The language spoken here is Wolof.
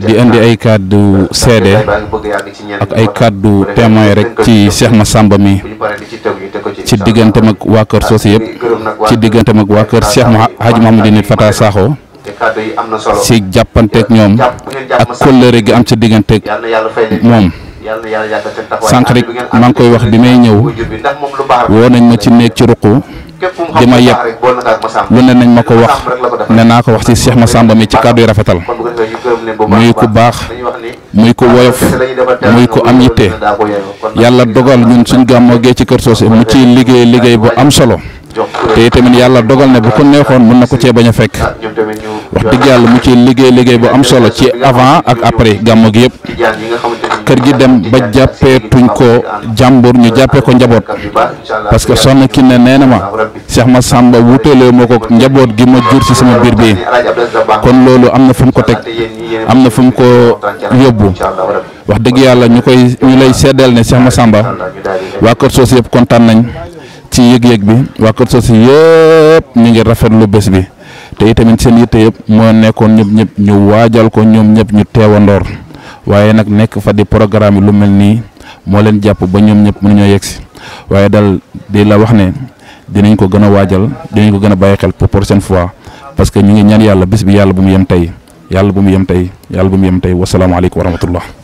di andi ay kàddu seede ak ay kàddu témoin rek ci Cheikh Massamba mi ci digganteem ak wa keur sosi yeb ci digganteem ak wa keur Cheikh Hadji mohammedine Fata saxo ci ak ñom ak kóllëre gi am ci ak mom sank rek maa koy wax bi may ñew ci nekk ci ruqu di yeb lu ne nañ mako wax ne ko wax ci Cheikh Massamba mi ci rafetal. muy ku baax muy ku woyof muy ku am yitte yàlla dogal ñun suñ gàmmoo ci kër Socé mu ciy liggéey liggéey bu am solo te tamit yàlla dogal ne bu ko neexoon mën na ko cee bañ a fekk ah, wax dëgg mu ciy liggéey liggéey bu am solo ci avant ak après gàmmo gi kër gi dem ba jappé tuñ ko jambour ñu jappé ko njabot parce que son ki ne nee ma Cheikh ma samba ma moko njabot gi ma jur ci sama bir bi kon lolu amna na ko tek amna na ko yobbu wax deug yalla ñukoy ñu lay sédel ne Cheikh samba wa Kër Socé yépp kontaan nañ ci yeg yeg bi wa Kër yépp ñu ngi lu bi te itamit seen yitté yépp mo nékkon ñëp ñëp ñu wajal ko ñom ñëp ñu téwandor waaye nag nekk fa di programme lu mel nii moo leen jàpp ba ñoom ñëpp mënuñoo yegg si waaye dal di la wax ne dinañ ko gën a waajal dinañ ko gën a bàyyi xel pour prochaine fois parce que ñu ngi ñan yàlla bis bi yàlla bu mu yem tey yàlla bu mu yem tey yàlla bu mu yem tey wasalaamaaleykum wa rahmatullah